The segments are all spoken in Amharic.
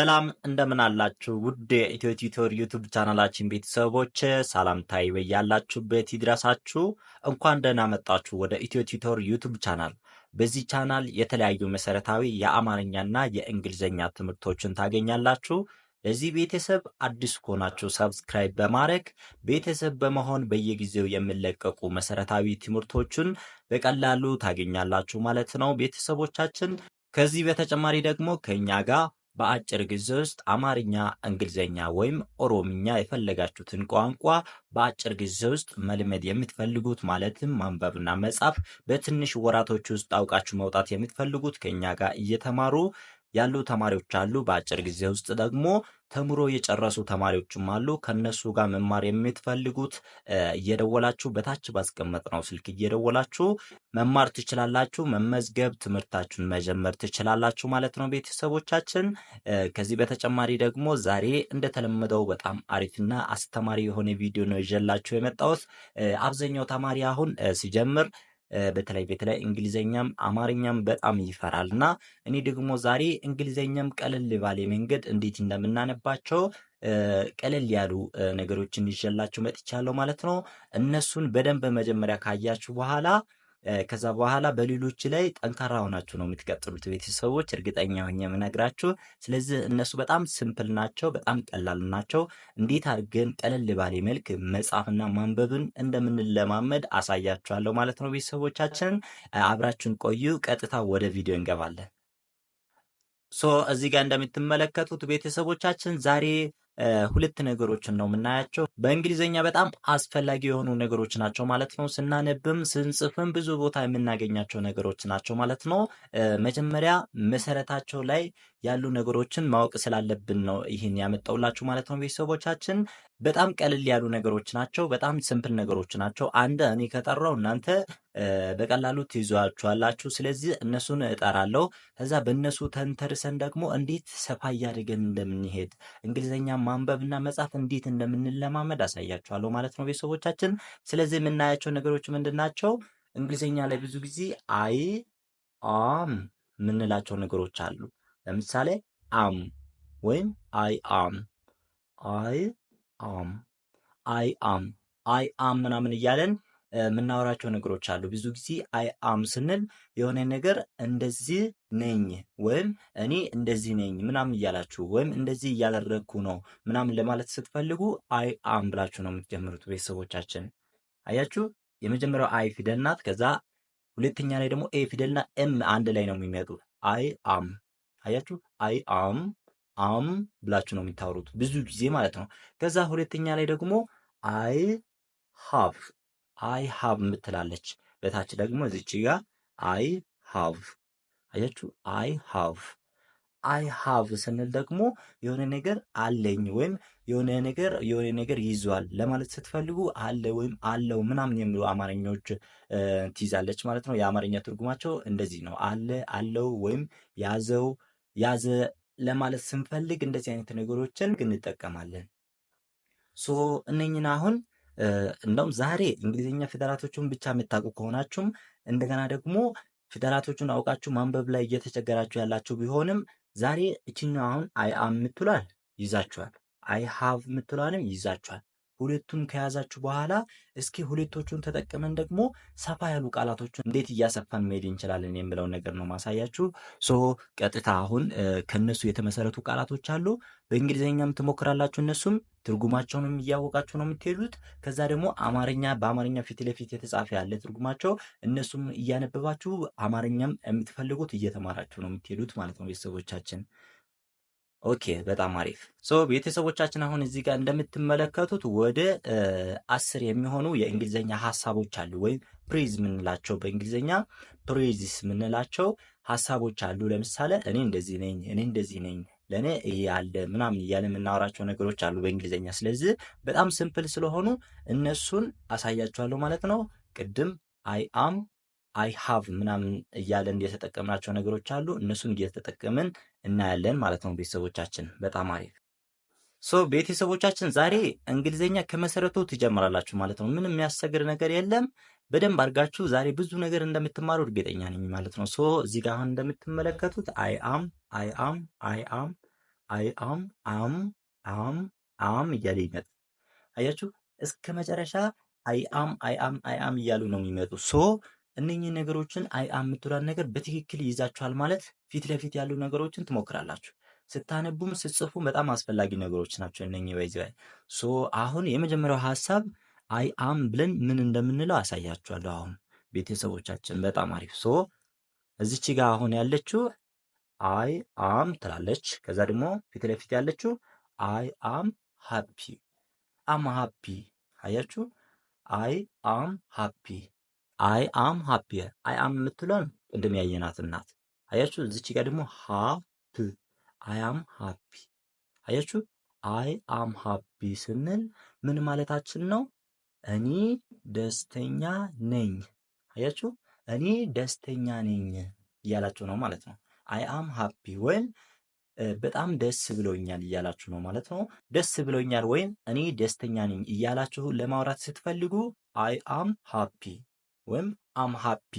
ሰላም እንደምን አላችሁ? ውድ የኢትዮ ቲቶር ዩቱብ ቻናላችን ቤተሰቦች ሰላምታዬ በያላችሁበት ይድረሳችሁ። እንኳን ደህና መጣችሁ ወደ ኢትዮ ቲቶር ዩቱብ ቻናል። በዚህ ቻናል የተለያዩ መሰረታዊ የአማርኛና የእንግሊዝኛ ትምህርቶችን ታገኛላችሁ። ለዚህ ቤተሰብ አዲስ ከሆናችሁ ሰብስክራይብ በማድረግ ቤተሰብ በመሆን በየጊዜው የሚለቀቁ መሰረታዊ ትምህርቶችን በቀላሉ ታገኛላችሁ ማለት ነው ቤተሰቦቻችን። ከዚህ በተጨማሪ ደግሞ ከእኛ ጋር በአጭር ጊዜ ውስጥ አማርኛ፣ እንግሊዝኛ ወይም ኦሮምኛ የፈለጋችሁትን ቋንቋ በአጭር ጊዜ ውስጥ መልመድ የምትፈልጉት ማለትም ማንበብና መጻፍ በትንሽ ወራቶች ውስጥ አውቃችሁ መውጣት የምትፈልጉት ከኛ ጋር እየተማሩ ያሉ ተማሪዎች አሉ። በአጭር ጊዜ ውስጥ ደግሞ ተምሮ የጨረሱ ተማሪዎችም አሉ። ከነሱ ጋር መማር የምትፈልጉት እየደወላችሁ በታች ባስቀመጥ ነው ስልክ እየደወላችሁ መማር ትችላላችሁ። መመዝገብ ትምህርታችሁን መጀመር ትችላላችሁ ማለት ነው ቤተሰቦቻችን። ከዚህ በተጨማሪ ደግሞ ዛሬ እንደተለመደው በጣም አሪፍና አስተማሪ የሆነ ቪዲዮ ነው ይዤላችሁ የመጣሁት። አብዛኛው ተማሪ አሁን ሲጀምር በተለይ በተለይ እንግሊዘኛም አማርኛም በጣም ይፈራል እና እኔ ደግሞ ዛሬ እንግሊዘኛም ቀለል ባለ መንገድ እንዴት እንደምናነባቸው ቀለል ያሉ ነገሮችን ይዤላችሁ መጥቻለሁ ማለት ነው። እነሱን በደንብ መጀመሪያ ካያችሁ በኋላ ከዛ በኋላ በሌሎች ላይ ጠንካራ ሆናችሁ ነው የምትቀጥሉት ቤተሰቦች፣ እርግጠኛ ሆኜ የምነግራችሁ። ስለዚህ እነሱ በጣም ስምፕል ናቸው፣ በጣም ቀላል ናቸው። እንዴት አድርገን ቀለል ባሌ መልክ መጻፍና ማንበብን እንደምንለማመድ አሳያችኋለሁ ማለት ነው። ቤተሰቦቻችን አብራችን ቆዩ። ቀጥታ ወደ ቪዲዮ እንገባለን። ሶ እዚህ ጋር እንደምትመለከቱት ቤተሰቦቻችን ዛሬ ሁለት ነገሮችን ነው የምናያቸው። በእንግሊዝኛ በጣም አስፈላጊ የሆኑ ነገሮች ናቸው ማለት ነው። ስናነብም ስንጽፍም ብዙ ቦታ የምናገኛቸው ነገሮች ናቸው ማለት ነው። መጀመሪያ መሰረታቸው ላይ ያሉ ነገሮችን ማወቅ ስላለብን ነው ይህን ያመጣውላችሁ ማለት ነው። ቤተሰቦቻችን በጣም ቀልል ያሉ ነገሮች ናቸው። በጣም ስምፕል ነገሮች ናቸው። አንድ እኔ ከጠራው እናንተ በቀላሉ ትይዟችኋላችሁ። ስለዚህ እነሱን እጠራለሁ። ከዛ በእነሱ ተንተርሰን ደግሞ እንዴት ሰፋ እያደገን እንደምንሄድ እንግሊዝኛ ማንበብና መጻፍ እንዴት እንደምንለማመድ አሳያችኋለሁ ማለት ነው ቤተሰቦቻችን። ስለዚህ የምናያቸው ነገሮች ምንድን ናቸው? እንግሊዝኛ ላይ ብዙ ጊዜ አይ አም የምንላቸው ነገሮች አሉ። ለምሳሌ አም ወይም አይ አም አይ አም አይ አም አይ አም ምናምን እያለን የምናወራቸው ነገሮች አሉ። ብዙ ጊዜ አይ አም ስንል የሆነ ነገር እንደዚህ ነኝ ወይም እኔ እንደዚህ ነኝ ምናምን እያላችሁ ወይም እንደዚህ እያደረግኩ ነው ምናምን ለማለት ስትፈልጉ አይ አም ብላችሁ ነው የምትጀምሩት። ቤተሰቦቻችን አያችሁ፣ የመጀመሪያው አይ ፊደል ናት። ከዛ ሁለተኛ ላይ ደግሞ ኤ ፊደልና ኤም አንድ ላይ ነው የሚመጡ አይ አም አያችሁ አይ አም አም ብላችሁ ነው የምታወሩት ብዙ ጊዜ ማለት ነው። ከዛ ሁለተኛ ላይ ደግሞ አይ ሃቭ አይ ሃቭ የምትላለች በታች ደግሞ እዚች ጋ አይ ሃቭ አያችሁ አይ ሃቭ አይ ሃቭ ስንል ደግሞ የሆነ ነገር አለኝ ወይም የሆነ ነገር የሆነ ነገር ይዟል ለማለት ስትፈልጉ አለ ወይም አለው ምናምን የሚሉ አማርኞች ትይዛለች ማለት ነው። የአማርኛ ትርጉማቸው እንደዚህ ነው። አለ፣ አለው ወይም ያዘው ያዘ ለማለት ስንፈልግ እንደዚህ አይነት ነገሮችን እንጠቀማለን። ሶ እነኝን አሁን እንደውም ዛሬ እንግሊዝኛ ፊደላቶቹን ብቻ የምታውቁ ከሆናችሁም እንደገና ደግሞ ፊደላቶቹን አውቃችሁ ማንበብ ላይ እየተቸገራችሁ ያላችሁ ቢሆንም ዛሬ እችኛው አሁን አይ አም የምትሏል ይዛችኋል። አይ ሃቭ የምትሏንም ይዛችኋል። ሁለቱን ከያዛችሁ በኋላ እስኪ ሁለቶቹን ተጠቅመን ደግሞ ሰፋ ያሉ ቃላቶችን እንዴት እያሰፋን መሄድ እንችላለን የምለውን ነገር ነው ማሳያችሁ። ሶ ቀጥታ አሁን ከነሱ የተመሰረቱ ቃላቶች አሉ። በእንግሊዝኛም ትሞክራላችሁ። እነሱም ትርጉማቸውንም እያወቃችሁ ነው የምትሄዱት። ከዛ ደግሞ አማርኛ በአማርኛ ፊት ለፊት የተጻፈ ያለ ትርጉማቸው እነሱም እያነበባችሁ አማርኛም የምትፈልጉት እየተማራችሁ ነው የምትሄዱት ማለት ነው ቤተሰቦቻችን ኦኬ በጣም አሪፍ ሶ ቤተሰቦቻችን አሁን እዚህ ጋር እንደምትመለከቱት ወደ አስር የሚሆኑ የእንግሊዝኛ ሀሳቦች አሉ፣ ወይም ፕሪዝ የምንላቸው በእንግሊዝኛ ፕሪዝስ የምንላቸው ሀሳቦች አሉ። ለምሳሌ እኔ እንደዚህ ነኝ፣ እኔ እንደዚህ ነኝ፣ ለእኔ ያለ ምናምን እያለ የምናወራቸው ነገሮች አሉ በእንግሊዝኛ። ስለዚህ በጣም ስምፕል ስለሆኑ እነሱን አሳያችኋለሁ ማለት ነው። ቅድም አይ አም አይ ሃቭ ምናምን እያለን የተጠቀምናቸው ነገሮች አሉ። እነሱን እየተጠቀምን እናያለን ማለት ነው። ቤተሰቦቻችን በጣም አሪፍ ሶ ቤተሰቦቻችን ዛሬ እንግሊዝኛ ከመሰረቱ ትጀምራላችሁ ማለት ነው። ምንም የሚያስቸግር ነገር የለም። በደንብ አድርጋችሁ ዛሬ ብዙ ነገር እንደምትማሩ እርግጠኛ ነኝ ማለት ነው። ሶ እዚህ ጋር አሁን እንደምትመለከቱት አይ አም አይ አም አይ አም አይ አም አም አም አም እያለ ይመጣ አያችሁ። እስከ መጨረሻ አይ አም አይ አም አይ አም እያሉ ነው የሚመጡ ሶ እነኚህ ነገሮችን የምትሏን ነገር በትክክል ይይዛችኋል ማለት ፊት ለፊት ያሉ ነገሮችን ትሞክራላችሁ። ስታነቡም ስትጽፉም በጣም አስፈላጊ ነገሮች ናቸው እነኚህ ባይዘባይ። ሶ አሁን የመጀመሪያው ሀሳብ አይ አም ብለን ምን እንደምንለው አሳያችኋለሁ። አሁን ቤተሰቦቻችን በጣም አሪፍ። ሶ እዚች ጋር አሁን ያለችው አይ አም ትላለች። ከዛ ደግሞ ፊት ለፊት ያለችው አይ አም ሃፒ አም ሃፒ አያችሁ። አይ አም ሃፒ አይ አም ሀፒየር አይ አም የምትሏን ቅድም ያየናት እናት አያችሁ እዚች ጋር ደግሞ ሀፕ አይ አም ሀፒ አያችሁ። አይ አም ሀፒ ስንል ምን ማለታችን ነው? እኔ ደስተኛ ነኝ። አያችሁ እኔ ደስተኛ ነኝ እያላችሁ ነው ማለት ነው። አይ አም ሀፒ ወይም በጣም ደስ ብሎኛል እያላችሁ ነው ማለት ነው። ደስ ብሎኛል ወይም እኔ ደስተኛ ነኝ እያላችሁ ለማውራት ስትፈልጉ አይ አም ሀፒ ወይም አም ሃፒ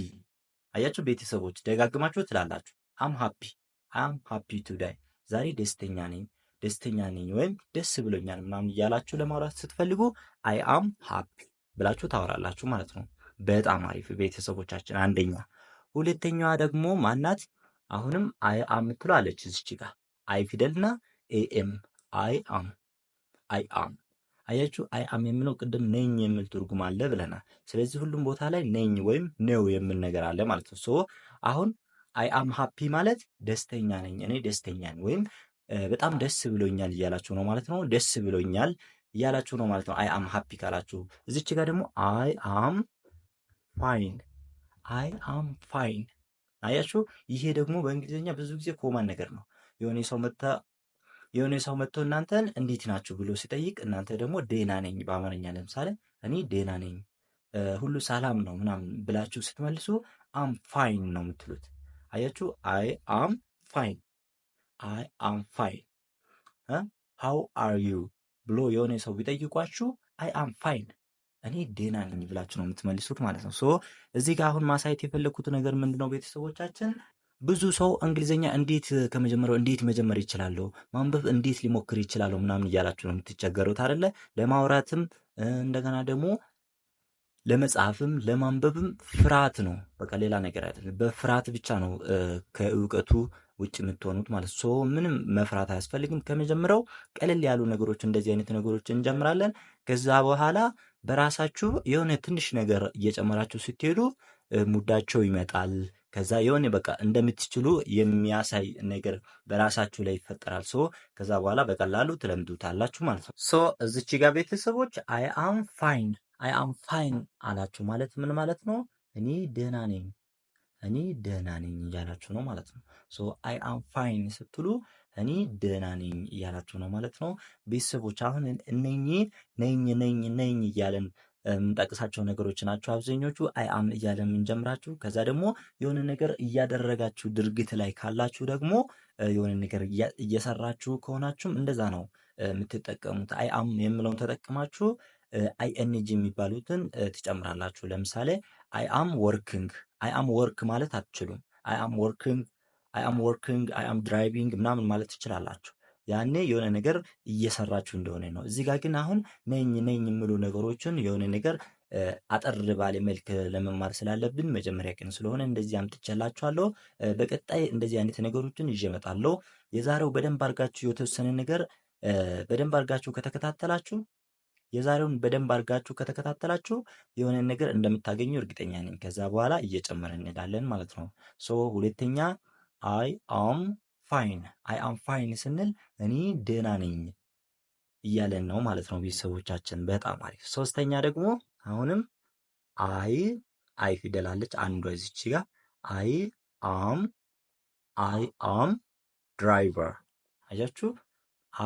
አያችሁ፣ ቤተሰቦች ደጋግማችሁ ትላላችሁ። አም ሃፒ አም ሃፒ ቱዳይ ዛሬ ደስተኛ ነኝ፣ ደስተኛ ነኝ ወይም ደስ ብሎኛል ምናምን እያላችሁ ለማውራት ስትፈልጉ አይ አም ሃፒ ብላችሁ ታወራላችሁ ማለት ነው። በጣም አሪፍ ቤተሰቦቻችን። አንደኛ ሁለተኛዋ ደግሞ ማናት? አሁንም አይ አም ትላለች። እዚች ጋር አይ ፊደልና ኤኤም አይ አም አይ አም አያችሁ አይ አም የምለው ቅድም ነኝ የሚል ትርጉም አለ ብለናል። ስለዚህ ሁሉም ቦታ ላይ ነኝ ወይም ነው የሚል ነገር አለ ማለት ነው። ሶ አሁን አይ አም ሃፒ ማለት ደስተኛ ነኝ፣ እኔ ደስተኛ ነኝ ወይም በጣም ደስ ብሎኛል እያላችሁ ነው ማለት ነው። ደስ ብሎኛል እያላችሁ ነው ማለት ነው። አይ አም ሃፒ ካላችሁ እዚች ጋር ደግሞ አይ አም ፋይን፣ አይ አም ፋይን። አያችሁ ይሄ ደግሞ በእንግሊዝኛ ብዙ ጊዜ ኮመን ነገር ነው። የሆነ ሰው መጣ የሆነ ሰው መጥቶ እናንተን እንዴት ናችሁ ብሎ ሲጠይቅ እናንተ ደግሞ ዴና ነኝ፣ በአማርኛ ለምሳሌ እኔ ዴና ነኝ፣ ሁሉ ሰላም ነው ምናምን ብላችሁ ስትመልሱ አም ፋይን ነው የምትሉት። አያችሁ? አይ አም ፋይን፣ አይ አም ፋይን፣ ሃው አር ዩ ብሎ የሆነ ሰው ቢጠይቋችሁ አይ አም ፋይን እኔ ዴና ነኝ ብላችሁ ነው የምትመልሱት ማለት ነው። ሶ እዚህ ጋር አሁን ማሳየት የፈለግኩት ነገር ምንድነው ቤተሰቦቻችን ብዙ ሰው እንግሊዝኛ እንዴት ከመጀመሪያው እንዴት መጀመር ይችላሉ፣ ማንበብ እንዴት ሊሞክር ይችላሉ ምናምን እያላችሁ ነው የምትቸገሩት አደለ ለማውራትም እንደገና ደግሞ ለመጻፍም ለማንበብም ፍርሃት ነው። በቃ ሌላ ነገር አይደለም። በፍርሃት ብቻ ነው ከእውቀቱ ውጭ የምትሆኑት ማለት ሶ ምንም መፍራት አያስፈልግም። ከመጀመሪያው ቀለል ያሉ ነገሮች እንደዚህ አይነት ነገሮች እንጀምራለን። ከዛ በኋላ በራሳችሁ የሆነ ትንሽ ነገር እየጨመራችሁ ስትሄዱ ሙዳቸው ይመጣል። ከዛ የሆነ በቃ እንደምትችሉ የሚያሳይ ነገር በራሳችሁ ላይ ይፈጠራል። ሶ ከዛ በኋላ በቀላሉ ትለምዱታላችሁ ማለት ነው። ሶ እዚች ጋር ቤተሰቦች አይ አም ፋይን አይ አም ፋይን አላችሁ ማለት ምን ማለት ነው? እኔ ደህና ነኝ፣ እኔ ደህና ነኝ እያላችሁ ነው ማለት ነው። ሶ አይ አም ፋይን ስትሉ እኔ ደህና ነኝ እያላችሁ ነው ማለት ነው። ቤተሰቦች አሁን እነኝ ነኝ ነኝ ነኝ እያለን የምንጠቅሳቸው ነገሮች ናቸው አብዛኞቹ። አይአም እያለ የምንጀምራችሁ ከዛ ደግሞ የሆነ ነገር እያደረጋችሁ ድርጊት ላይ ካላችሁ ደግሞ የሆነ ነገር እየሰራችሁ ከሆናችሁም እንደዛ ነው የምትጠቀሙት። አይአም የምለውን ተጠቅማችሁ አይኤንጂ የሚባሉትን ትጨምራላችሁ። ለምሳሌ አይአም ወርኪንግ፣ አይአም ወርክ ማለት አትችሉም። አይአም ወርኪንግ፣ አይአም ድራይቪንግ ምናምን ማለት ትችላላችሁ። ያኔ የሆነ ነገር እየሰራችሁ እንደሆነ ነው። እዚህ ጋር ግን አሁን ነኝ ነኝ የምሉ ነገሮችን የሆነ ነገር አጠር ባለ መልክ ለመማር ስላለብን መጀመሪያ ቀን ስለሆነ እንደዚህ አምጥቼላችኋለሁ። በቀጣይ እንደዚህ አይነት ነገሮችን ይዤ እመጣለሁ። የዛሬው በደንብ አድርጋችሁ የተወሰነ ነገር በደንብ አድርጋችሁ ከተከታተላችሁ የዛሬውን በደንብ አድርጋችሁ ከተከታተላችሁ የሆነ ነገር እንደምታገኙ እርግጠኛ ነኝ። ከዛ በኋላ እየጨመረ እንሄዳለን ማለት ነው። ሶ ሁለተኛ አይ አም ፋይን አይ አም ፋይን ስንል እኔ ደህና ነኝ እያለን ነው ማለት ነው ቤተሰቦቻችን። በጣም አሪፍ። ሶስተኛ ደግሞ አሁንም አይ አይ ፊደላለች አንዷ እዚች ጋር አይ አም አይ አም ድራይቨር አያችሁ።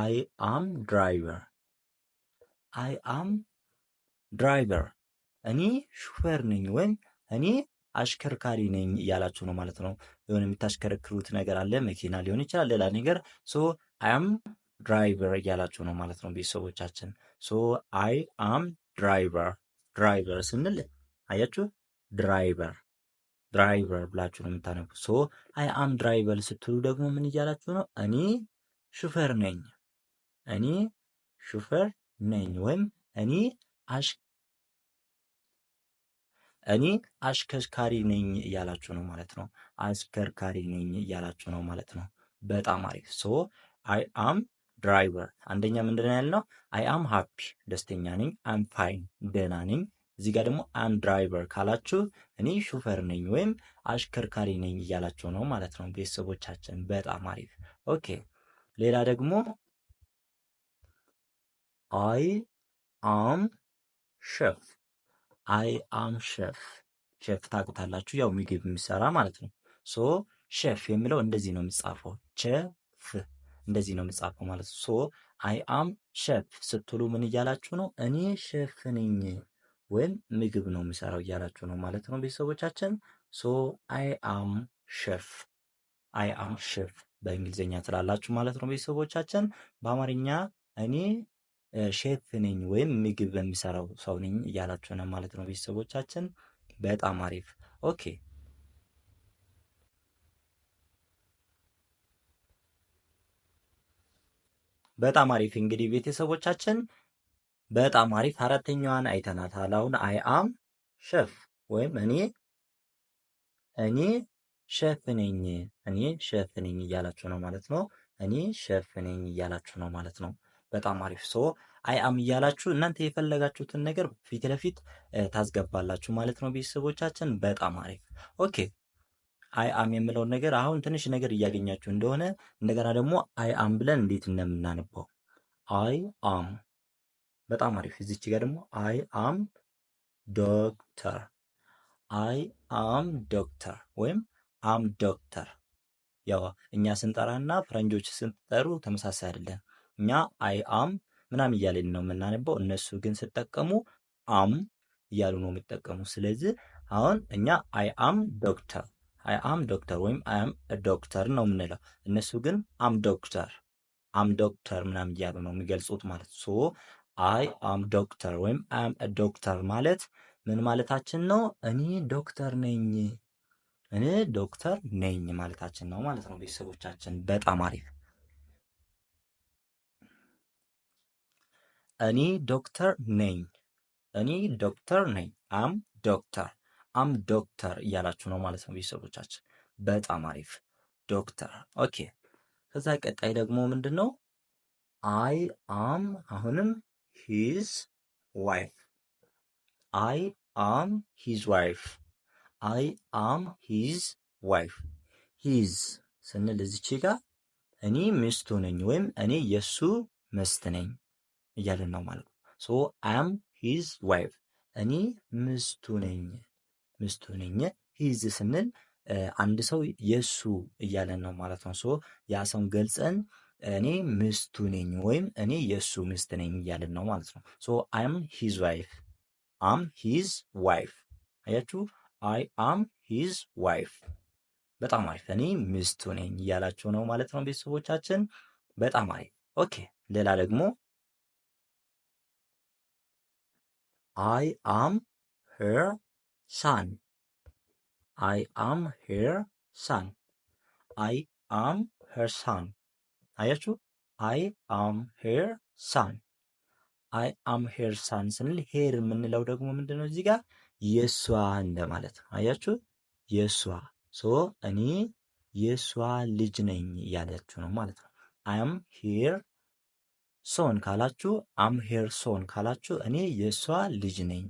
አይ አም ድራይቨር አይ አም ድራይቨር እኔ ሹፌር ነኝ ወይም እኔ አሽከርካሪ ነኝ እያላችሁ ነው ማለት ነው። የሆነ የምታሽከረክሩት ነገር አለ፣ መኪና ሊሆን ይችላል፣ ሌላ ነገር ሶ አም ድራይቨር እያላችሁ ነው ማለት ነው ቤተሰቦቻችን። ሶ አይ አም ድራይቨር ድራይቨር ስንል አያችሁ ድራይቨር ድራይቨር ብላችሁ ነው የምታነቡት። ሶ አይ አም ድራይቨር ስትሉ ደግሞ ምን እያላችሁ ነው? እኔ ሹፌር ነኝ፣ እኔ ሹፌር ነኝ ወይም እኔ አሽ እኔ አሽከርካሪ ነኝ እያላችሁ ነው ማለት ነው። አሽከርካሪ ነኝ እያላችሁ ነው ማለት ነው። በጣም አሪፍ። ሶ አይ አም ድራይቨር። አንደኛ ምንድን ነው ያልነው? አይ አም ሃፒ ደስተኛ ነኝ። አም ፋይን ደህና ነኝ። እዚህ ጋር ደግሞ አም ድራይቨር ካላችሁ እኔ ሹፈር ነኝ ወይም አሽከርካሪ ነኝ እያላችሁ ነው ማለት ነው። ቤተሰቦቻችን በጣም አሪፍ። ኦኬ ሌላ ደግሞ አይ አም ሸፍ አይ አም ሼፍ ሼፍ ታውቁታላችሁ፣ ያው ምግብ የሚሰራ ማለት ነው። ሶ ሼፍ የሚለው እንደዚህ ነው የሚጻፈው፣ ቼፍ እንደዚህ ነው የሚጻፈው ማለት ነው። ሶ አይ አም ሼፍ ስትሉ ምን እያላችሁ ነው? እኔ ሼፍ ነኝ ወይም ምግብ ነው የሚሰራው እያላችሁ ነው ማለት ነው ቤተሰቦቻችን። ሶ አይ አም ሼፍ አይ አም ሼፍ በእንግሊዝኛ ትላላችሁ ማለት ነው ቤተሰቦቻችን። በአማርኛ እኔ ሼፍ ነኝ ወይም ምግብ የሚሰራው ሰው ነኝ እያላችሁ ነው ማለት ነው ቤተሰቦቻችን። በጣም አሪፍ ኦኬ። በጣም አሪፍ እንግዲህ ቤተሰቦቻችን በጣም አሪፍ አራተኛዋን አይተናታል። አሁን አይ አም ሼፍ ወይም እኔ እኔ ሼፍ ነኝ እኔ ሼፍ ነኝ እያላችሁ ነው ማለት ነው። እኔ ሼፍ ነኝ እያላችሁ ነው ማለት ነው። በጣም አሪፍ ሶ አይ አም እያላችሁ እናንተ የፈለጋችሁትን ነገር ፊት ለፊት ታስገባላችሁ ማለት ነው። ቤተሰቦቻችን በጣም አሪፍ ኦኬ። አይ አም የምለውን ነገር አሁን ትንሽ ነገር እያገኛችሁ እንደሆነ እንደገና ደግሞ አይ አም ብለን እንዴት እንደምናነበው አይ አም በጣም አሪፍ። እዚች ጋር ደግሞ አይ አም ዶክተር፣ አይ አም ዶክተር ወይም አም ዶክተር። ያው እኛ ስንጠራና ፈረንጆች ስንጠሩ ተመሳሳይ አይደለም። እኛ አይ አም ምናምን እያለን ነው የምናነበው። እነሱ ግን ስጠቀሙ አም እያሉ ነው የሚጠቀሙ። ስለዚህ አሁን እኛ አይ አም ዶክተር አይ አም ዶክተር ወይም አይ አም ዶክተር ነው የምንለው። እነሱ ግን አም ዶክተር አም ዶክተር ምናምን እያሉ ነው የሚገልጹት ማለት ሶ አይ አም ዶክተር ወይም አይ አም ዶክተር ማለት ምን ማለታችን ነው? እኔ ዶክተር ነኝ እኔ ዶክተር ነኝ ማለታችን ነው ማለት ነው። ቤተሰቦቻችን በጣም አሪፍ እኔ ዶክተር ነኝ። እኔ ዶክተር ነኝ። አም ዶክተር አም ዶክተር እያላችሁ ነው ማለት ነው ቤተሰቦቻችን። በጣም አሪፍ ዶክተር። ኦኬ ከዛ ቀጣይ ደግሞ ምንድን ነው? አይ አም አሁንም ሂዝ ዋይፍ አይ አም ሂዝ ዋይፍ አይ አም ሂዝ ዋይፍ ሂዝ ስንል እዚች ጋር እኔ ሚስቱ ነኝ ወይም እኔ የእሱ ምስት ነኝ እያለን ነው ማለት ነው። ሶ አም ሂዝ ዋይፍ እኔ ምስቱ ነኝ፣ ምስቱ ነኝ። ሂዝ ስንል አንድ ሰው የእሱ እያለን ነው ማለት ነው። ሶ ያ ሰውን ገልጸን እኔ ምስቱ ነኝ ወይም እኔ የእሱ ምስት ነኝ እያለን ነው ማለት ነው። ሶ አም ሂዝ ዋይፍ፣ አም ሂዝ ዋይፍ። አያችሁ፣ አይ አም ሂዝ ዋይፍ። በጣም አሪፍ። እኔ ምስቱ ነኝ እያላችሁ ነው ማለት ነው ቤተሰቦቻችን። በጣም አሪፍ። ኦኬ ሌላ ደግሞ I am her son. I am her son. I am her son። አያችሁ አይ አም ሄር ሳን አይ አም ሄር ሳን ስንል ሄር የምንለው ደግሞ ምንድን ነው? እዚህ ጋር የእሷ እንደማለት ነው። አያችሁ የእሷ ሶ እኔ የእሷ ልጅ ነኝ እያለችሁ ነው ማለት ነው። አም ሄር ሶን ካላችሁ አምሄር ሶን ካላችሁ እኔ የእሷ ልጅ ነኝ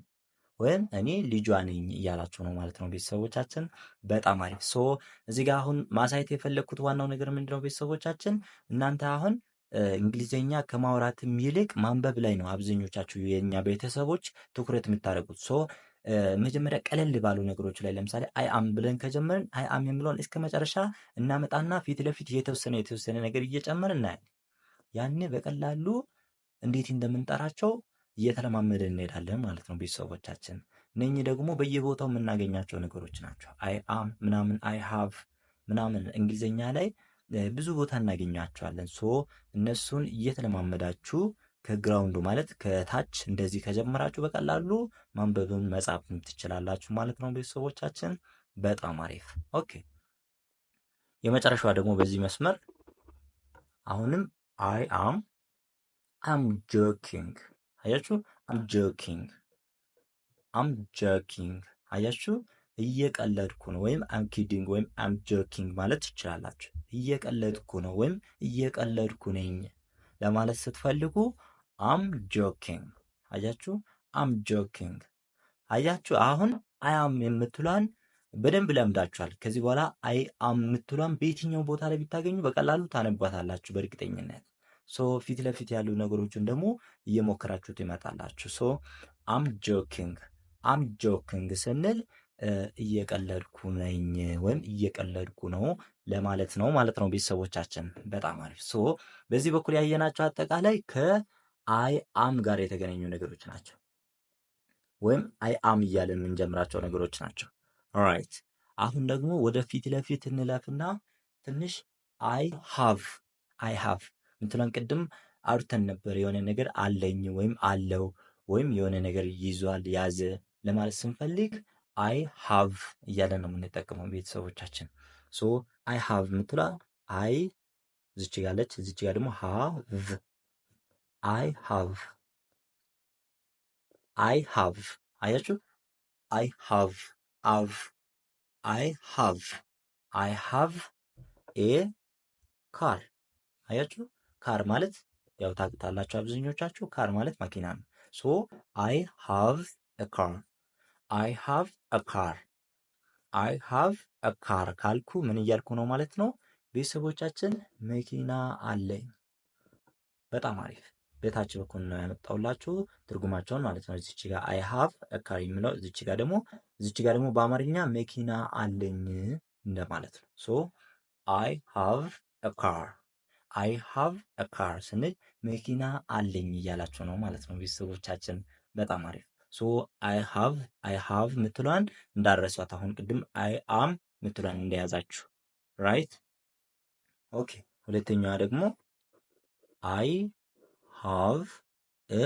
ወይም እኔ ልጇ ነኝ እያላችሁ ነው ማለት ነው። ቤተሰቦቻችን በጣም አሪፍ። ሶ እዚህ ጋር አሁን ማሳየት የፈለግኩት ዋናው ነገር ምንድነው? ቤተሰቦቻችን እናንተ አሁን እንግሊዝኛ ከማውራትም ይልቅ ማንበብ ላይ ነው አብዛኞቻችሁ የኛ ቤተሰቦች ትኩረት የምታደርጉት። ሶ መጀመሪያ ቀለል ባሉ ነገሮች ላይ ለምሳሌ አይ አም ብለን ከጀመርን አይ አም የሚለውን እስከ መጨረሻ እናመጣና ፊት ለፊት የተወሰነ የተወሰነ ነገር እየጨመርን እናያለን። ያኔ በቀላሉ እንዴት እንደምንጠራቸው እየተለማመደ እንሄዳለን ማለት ነው። ቤተሰቦቻችን እነኚህ ደግሞ በየቦታው የምናገኛቸው ነገሮች ናቸው። አይ አም ምናምን አይ ሃቭ ምናምን እንግሊዝኛ ላይ ብዙ ቦታ እናገኛቸዋለን። ሶ እነሱን እየተለማመዳችሁ ከግራውንዱ ማለት ከታች እንደዚህ ከጀመራችሁ በቀላሉ ማንበብም መጻፍም ትችላላችሁ ማለት ነው። ቤተሰቦቻችን በጣም አሪፍ ኦኬ። የመጨረሻዋ ደግሞ በዚህ መስመር አሁንም አይ አም አም ጆኪንግ አያችሁ፣ አም ጆኪንግ አም ጆኪንግ አያችሁ፣ እየቀለድኩ ነው ወይም አም ኪዲንግ ወይም አም ጆኪንግ ማለት ትችላላችሁ። እየቀለድኩ ነው ወይም እየቀለድኩ ነኝ ለማለት ስትፈልጉ አም ጆኪንግ አያችሁ፣ አም ጆኪንግ አያችሁ። አሁን አያም የምትሏን በደንብ ለምዳችኋል። ከዚህ በኋላ አይ አም የምትሏን በየትኛው ቦታ ላይ ቢታገኙ በቀላሉ ታነባታላችሁ በእርግጠኝነት። ሶ ፊት ለፊት ያሉ ነገሮችን ደግሞ እየሞከራችሁት ይመጣላችሁ። ሶ አም ጆኪንግ አም ጆኪንግ ስንል እየቀለድኩ ነኝ ወይም እየቀለድኩ ነው ለማለት ነው ማለት ነው። ቤተሰቦቻችን በጣም አሪፍ። ሶ በዚህ በኩል ያየናቸው አጠቃላይ ከአይ አም ጋር የተገናኙ ነገሮች ናቸው፣ ወይም አይ አም እያለን የምንጀምራቸው ነገሮች ናቸው። ኦራይት አሁን ደግሞ ወደ ፊት ለፊት እንለፍና ትንሽ አይ ሃቭ አይ ሃቭ ምትለን ቅድም አውርተን ነበር። የሆነ ነገር አለኝ ወይም አለው ወይም የሆነ ነገር ይዟል ያዘ ለማለት ስንፈልግ አይ ሃቭ እያለ ነው የምንጠቀመው ቤተሰቦቻችን። ሶ አይ ሃቭ ምትላ አይ ዝች ጋለች፣ ዝች ጋ ደግሞ ሃቭ አይ ሃቭ አይ ሃቭ አያችሁ አይ ሃቭ have I have I have a car አያችሁ ካር ማለት ያው ታውቁታላችሁ አብዛኞቻችሁ ካር ማለት መኪና ነው። ሶ አይ ሃቭ አ ካር አይ ሃቭ አ ካር አይ ሃቭ አ ካር ካልኩ ምን እያልኩ ነው ማለት ነው? ቤተሰቦቻችን መኪና አለኝ። በጣም አሪፍ በታች በኩል ነው ያመጣውላችሁ ትርጉማቸውን ማለት ነው። እዚች ጋር አይ ሃቭ አካሪ የሚለው እዚች ጋር ደግሞ እዚች ጋር ደግሞ በአማርኛ መኪና አለኝ እንደማለት ነው። ሶ አይ ሃቭ አካር አይ ሃቭ አካር ስንል መኪና አለኝ እያላችሁ ነው ማለት ነው። ቤተሰቦቻችን በጣም አሪፍ። ሶ አይ ሃቭ አይ ሃቭ ምትሏን እንዳረሷት አሁን ቅድም አይ አም ምትሏን እንደያዛችሁ ራይት ኦኬ። ሁለተኛዋ ደግሞ አይ ሃቭ እ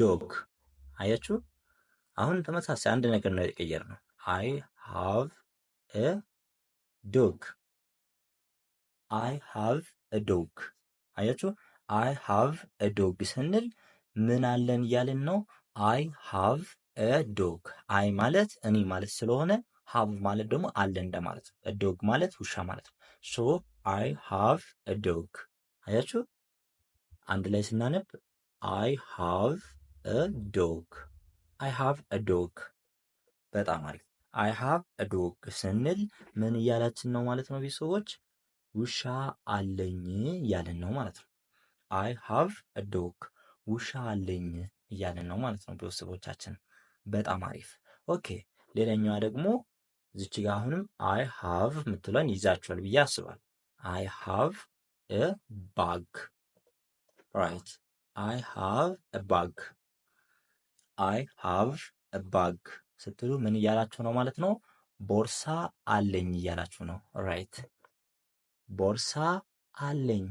ዶግ። አያችሁ፣ አሁን ተመሳሳይ አንድ ነገር ነው ነው። አይ ሃቭ አ ዶግ፣ አይ ሃቭ አ ዶግ። አያችሁ፣ አይ ሃቭ አ ዶግ ስንል ምን አለን እያልን ነው? አይ ሃቭ አ ዶግ። አይ ማለት እኔ ማለት ስለሆነ ሃቭ ማለት ደግሞ አለ እንደማለት ነው። ዶግ ማለት ውሻ ማለት ነው። ሶ አይ ሃቭ ዶግ። አያችሁ አንድ ላይ ስናነብ አይ ሃቭ አ ዶግ አይ ሃቭ አ ዶግ። በጣም አሪፍ። አይ ሃቭ አ ዶግ ስንል ምን እያላችን ነው ማለት ነው? ቤተሰቦች ውሻ አለኝ እያልን ነው ማለት ነው። አይ ሃቭ አ ዶግ ውሻ አለኝ እያልን ነው ማለት ነው ቤተሰቦቻችን። በጣም አሪፍ። ኦኬ ሌላኛዋ ደግሞ እዚች ጋ አሁንም አይ ሃቭ የምትለን ይዛችኋል ብዬ አስባል አይ ሃቭ አ ባግ right አይ ሃቭ አ ባግ አይ ሃቭ አ ባግ ስትሉ ምን እያላችሁ ነው ማለት ነው? ቦርሳ አለኝ እያላችሁ ነው። ራይት ቦርሳ አለኝ።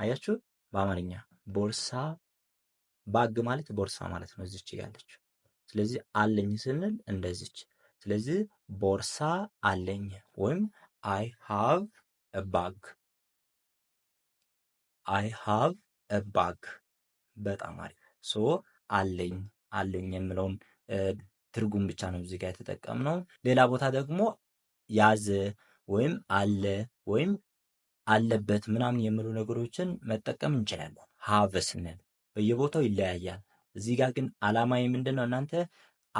አያችሁ በአማርኛ ቦርሳ ባግ ማለት ቦርሳ ማለት ነው፣ እዚች ያለች። ስለዚህ አለኝ ስንል እንደዚች። ስለዚህ ቦርሳ አለኝ ወይም አይ ሃቭ ባግ አይ ሃቭ ባግ በጣም አሪፍ ሶ አለኝ አለኝ የምለውን ትርጉም ብቻ ነው እዚህ ጋር የተጠቀምነው። ሌላ ቦታ ደግሞ ያዘ ወይም አለ ወይም አለበት ምናምን የሚሉ ነገሮችን መጠቀም እንችላለን። ሀቭ ስንል በየቦታው ይለያያል። እዚህ ጋር ግን አላማ ምንድን ነው? እናንተ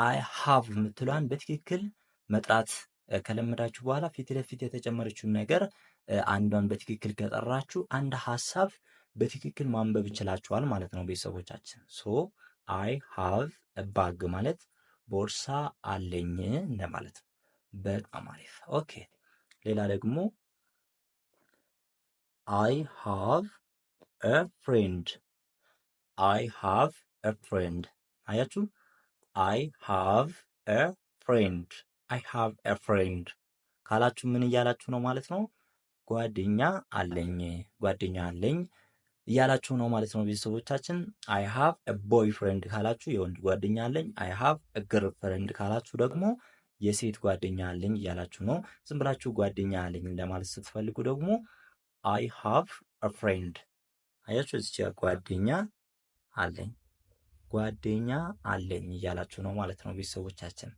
አይ ሀቭ የምትሏን በትክክል መጥራት ከለመዳችሁ በኋላ ፊት ለፊት የተጨመረችውን ነገር አንዷን በትክክል ከጠራችሁ አንድ ሀሳብ በትክክል ማንበብ ይችላችኋል ማለት ነው ቤተሰቦቻችን። ሶ አይ ሃቭ ባግ ማለት ቦርሳ አለኝ እንደማለት ነው። በጣም አሪፍ ኦኬ። ሌላ ደግሞ አይ ሃቭ አ ፍሬንድ አይ ሃቭ አ ፍሬንድ አያችሁ፣ አይ ሃቭ አ ፍሬንድ አይ ሃቭ አ ፍሬንድ ካላችሁ ምን እያላችሁ ነው ማለት ነው? ጓደኛ አለኝ ጓደኛ አለኝ እያላችሁ ነው ማለት ነው ቤተሰቦቻችን። አይ ሃቭ ቦይ ፍሬንድ ካላችሁ የወንድ ጓደኛ አለኝ። አይ ሃቭ ግር ፍሬንድ ካላችሁ ደግሞ የሴት ጓደኛ አለኝ እያላችሁ ነው። ዝም ብላችሁ ጓደኛ አለኝ ለማለት ስትፈልጉ ደግሞ አይ ሃቭ ፍሬንድ አያችሁ፣ እዚህ ጓደኛ አለኝ ጓደኛ አለኝ እያላችሁ ነው ማለት ነው ቤተሰቦቻችን።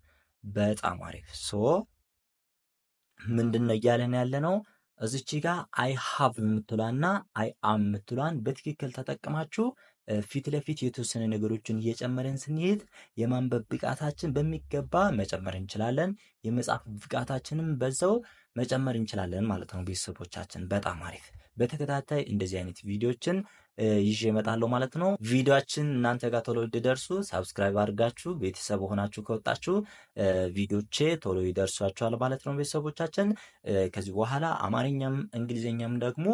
በጣም አሪፍ ሶ ምንድን ነው እያለን ያለ ነው እዚች ጋ አይ ሃቭ የምትሏና አይ አም የምትሏን በትክክል ተጠቅማችሁ ፊት ለፊት የተወሰነ ነገሮችን እየጨመረን ስንሄድ የማንበብ ብቃታችን በሚገባ መጨመር እንችላለን። የመጻፍ ብቃታችንም በዛው መጨመር እንችላለን ማለት ነው። ቤተሰቦቻችን በጣም አሪፍ። በተከታታይ እንደዚህ አይነት ቪዲዮችን ይዤ እመጣለሁ ማለት ነው። ቪዲዮችን እናንተ ጋር ቶሎ እንዲደርሱ ሳብስክራይብ አድርጋችሁ ቤተሰብ ሆናችሁ ከወጣችሁ ቪዲዮቼ ቶሎ ይደርሷችኋል ማለት ነው። ቤተሰቦቻችን ከዚህ በኋላ አማርኛም እንግሊዝኛም ደግሞ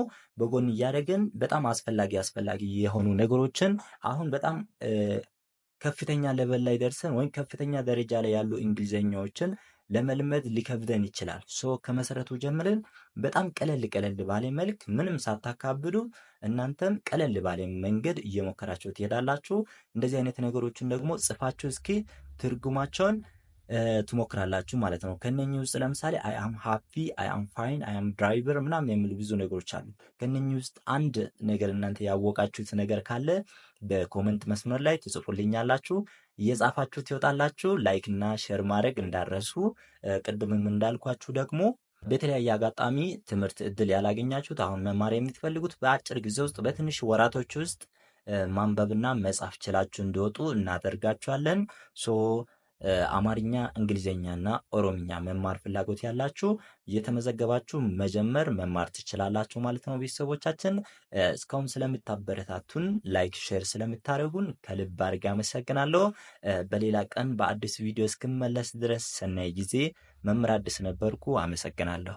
በጎን እያደረግን በጣም አስፈላጊ አስፈላጊ የሆኑ ነገሮችን አሁን በጣም ከፍተኛ ሌቨል ላይ ደርሰን ወይም ከፍተኛ ደረጃ ላይ ያሉ እንግሊዝኛዎችን ለመልመድ ሊከብደን ይችላል። ሶ ከመሰረቱ ጀምረን በጣም ቀለል ቀለል ባለ መልክ ምንም ሳታካብዱ እናንተም ቀለል ባለ መንገድ እየሞከራችሁ ትሄዳላችሁ። እንደዚህ አይነት ነገሮችን ደግሞ ጽፋችሁ እስኪ ትርጉማቸውን ትሞክራላችሁ ማለት ነው። ከነኚህ ውስጥ ለምሳሌ አይ አም ሃፒ፣ አይ አም ፋይን፣ አይ አም ድራይቨር ምናምን የሚሉ ብዙ ነገሮች አሉ። ከነኚህ ውስጥ አንድ ነገር እናንተ ያወቃችሁት ነገር ካለ በኮመንት መስመር ላይ ትጽፉልኛላችሁ። እየጻፋችሁት ይወጣላችሁ። ላይክ እና ሼር ማድረግ እንዳረሱ። ቅድምም እንዳልኳችሁ ደግሞ በተለያየ አጋጣሚ ትምህርት እድል ያላገኛችሁት አሁን መማር የምትፈልጉት በአጭር ጊዜ ውስጥ በትንሽ ወራቶች ውስጥ ማንበብና መጻፍ ችላችሁ እንዲወጡ እናደርጋችኋለን ሶ አማርኛ፣ እንግሊዝኛና ኦሮምኛ መማር ፍላጎት ያላችሁ እየተመዘገባችሁ መጀመር መማር ትችላላችሁ ማለት ነው። ቤተሰቦቻችን እስካሁን ስለምታበረታቱን፣ ላይክ፣ ሼር ስለምታደርጉን ከልብ አድርጌ አመሰግናለሁ። በሌላ ቀን በአዲስ ቪዲዮ እስክመለስ ድረስ ሰናይ ጊዜ። መምህር አዲስ ነበርኩ። አመሰግናለሁ።